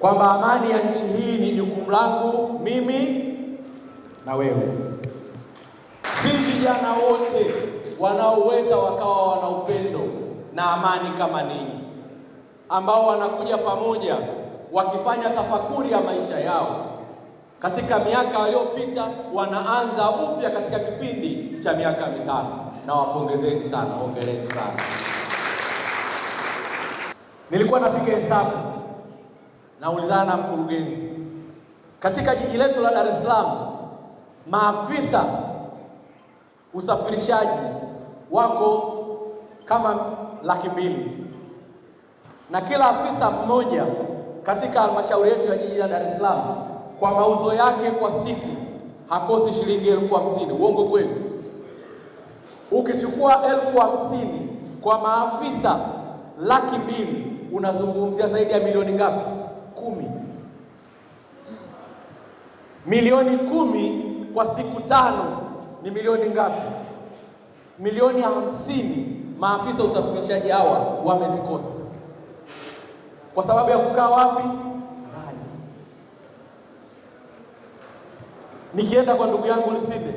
kwamba amani ya nchi hii ni jukumu langu mimi na wewe. Si vijana wote wanaoweza wakawa wana upendo na amani kama ninyi, ambao wanakuja pamoja wakifanya tafakuri ya maisha yao katika miaka waliopita, wanaanza upya katika kipindi cha miaka mitano. Na wapongezeni sana, hongereni sana. Nilikuwa napiga hesabu naulizana na mkurugenzi, katika jiji letu la Dar es Salaam maafisa usafirishaji wako kama laki mbili na kila afisa mmoja katika halmashauri yetu ya jiji la Dar es Salaam kwa mauzo yake kwa siku hakosi shilingi elfu hamsini. Uongo kweli? Ukichukua elfu hamsini kwa maafisa laki mbili unazungumzia zaidi ya milioni ngapi? kumi, milioni kumi kwa siku tano ni milioni ngapi? Milioni hamsini. Maafisa usafirishaji hawa wamezikosa kwa sababu ya kukaa wapi? Ndani. Nikienda kwa ndugu yangu Lusinde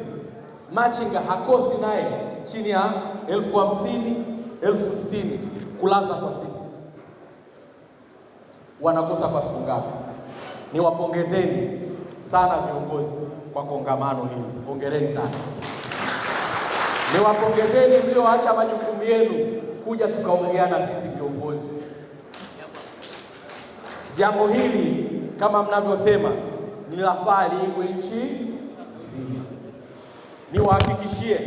machinga hakosi naye chini ya elfu hamsini elfu sitini kulaza kwa siku wanakosa kwa siku ngapi? Niwapongezeni sana viongozi kwa kongamano hili, hongereni sana. Niwapongezeni mlioacha majukumu yenu kuja tukaongeana sisi viongozi. Jambo hili kama mnavyosema ni la faa liigwe nchi nzima. Niwahakikishie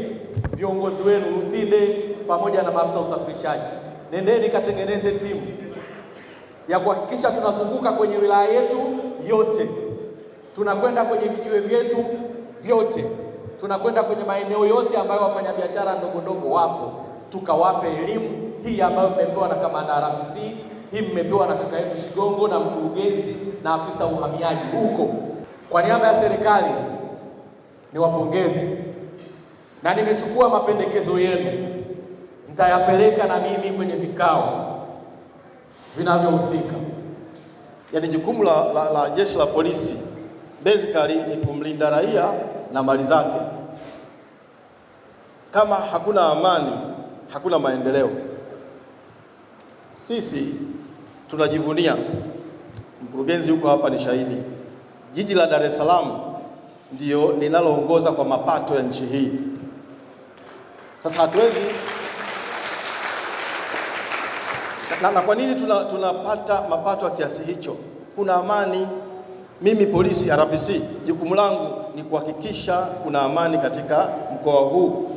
viongozi wenu Lusinde pamoja na maafisa usafirishaji, nendeni katengeneze timu ya kuhakikisha tunazunguka kwenye wilaya yetu yote, tunakwenda kwenye vijiwe vyetu vyote, tunakwenda kwenye maeneo yote ambayo wafanyabiashara ndogo ndogo wapo, tukawape elimu hii ambayo mmepewa na kamanda RMC, hii mmepewa na kaka yetu Shigongo na mkurugenzi na afisa uhamiaji huko. Kwa niaba ya serikali niwapongeze, na nimechukua mapendekezo yenu, nitayapeleka na mimi kwenye vikao vinavyohusika. Yaani jukumu la, la, la jeshi la polisi basically ni kumlinda raia na mali zake. Kama hakuna amani, hakuna maendeleo. Sisi tunajivunia, mkurugenzi yuko hapa ni shahidi, jiji la Dar es Salaam ndio linaloongoza kwa mapato ya nchi hii. Sasa hatuwezi na, na kwa nini tuna, tunapata mapato ya kiasi hicho? Kuna amani. Mimi polisi RPC, jukumu langu ni kuhakikisha kuna amani katika mkoa huu,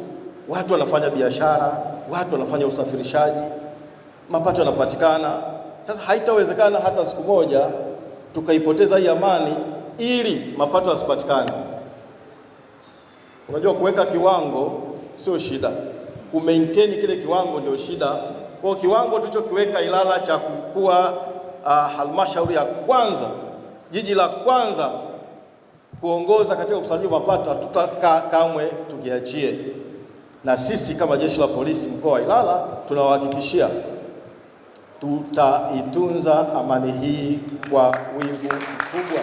watu wanafanya biashara, watu wanafanya usafirishaji, mapato yanapatikana. Sasa haitawezekana hata siku moja tukaipoteza hii amani ili mapato yasipatikane. Unajua, kuweka kiwango sio shida, kumaintain kile kiwango ndio shida kwa kiwango tulichokiweka Ilala cha kukua uh, halmashauri ya kwanza, jiji la kwanza kuongoza katika ukusanyaji mapato tutaka kamwe tukiachie. Na sisi kama Jeshi la Polisi mkoa wa Ilala tunawahakikishia tutaitunza amani hii kwa wivu mkubwa.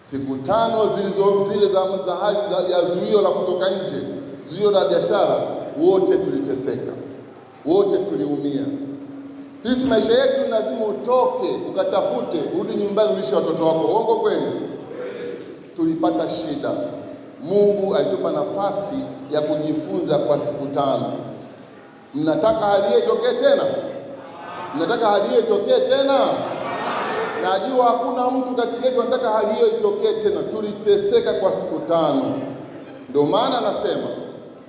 Siku tano zilizo zile za hali ya zuio la kutoka nje, zuio la biashara, wote tuliteseka wote tuliumia. Pisi maisha yetu lazima utoke ukatafute, urudi nyumbani, ulishe watoto wako. Uongo kweli? Tulipata shida. Mungu alitupa nafasi ya kujifunza kwa siku tano. Mnataka hali hiyo itokee tena? Mnataka hali hiyo itokee tena? Najua hakuna mtu kati yetu anataka hali hiyo itokee tena. Tuliteseka kwa siku tano, ndio maana anasema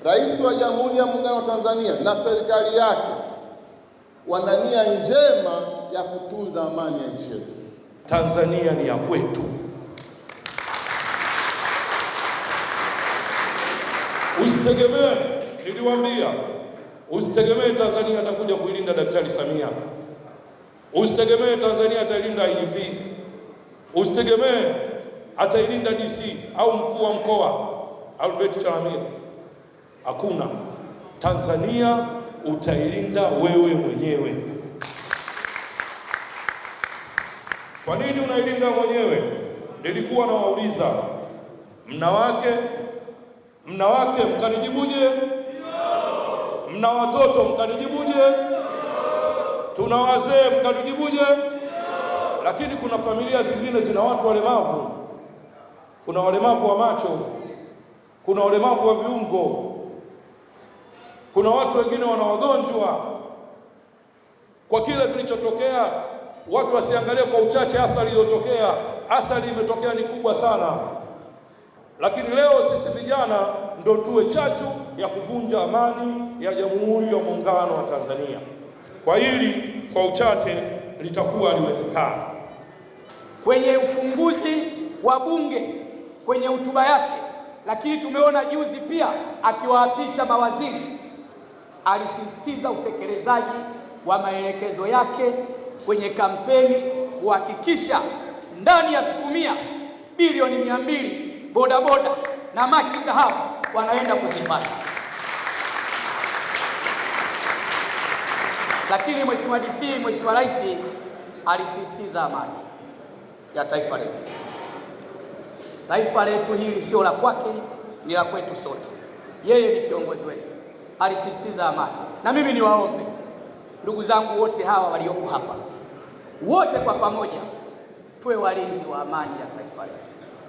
Rais wa Jamhuri ya Muungano wa Tanzania na serikali yake wana nia njema ya kutunza amani ya nchi yetu. Tanzania ni ya kwetu. Usitegemee, niliwaambia, usitegemee Tanzania atakuja kuilinda Daktari Samia, usitegemee Tanzania atailinda IGP, usitegemee atailinda DC au mkuu wa mkoa Albert Chalamila. Hakuna. Tanzania utailinda wewe mwenyewe. Kwa nini unailinda mwenyewe? Nilikuwa nawauliza mna wake, mna wake, mkanijibuje? Mna watoto, mkanijibuje? Tuna wazee, mkanijibuje? Lakini kuna familia zingine zina watu walemavu, kuna walemavu wa macho, kuna walemavu wa viungo kuna watu wengine wana wagonjwa kwa kile kilichotokea. Watu wasiangalie kwa uchache athari iliyotokea, athari imetokea ni kubwa sana, lakini leo sisi vijana ndo tuwe chachu ya kuvunja amani ya Jamhuri ya Muungano wa Tanzania. Kwa hili kwa uchache litakuwa liwezekana Kwenye ufunguzi wa bunge kwenye hotuba yake, lakini tumeona juzi pia akiwaapisha mawaziri alisisitiza utekelezaji wa maelekezo yake kwenye kampeni kuhakikisha ndani ya siku mia bilioni mia mbili bodaboda na machinga hapo wanaenda kuzipata. Lakini Mheshimiwa DC, Mheshimiwa Rais alisisitiza amani ya taifa letu. Taifa letu hili sio la kwake, ni la kwetu sote. Yeye ni kiongozi wetu alisisitiza amani. Na mimi niwaombe ndugu zangu wote hawa walioko hapa, wote kwa pamoja tuwe walinzi wa amani ya taifa letu.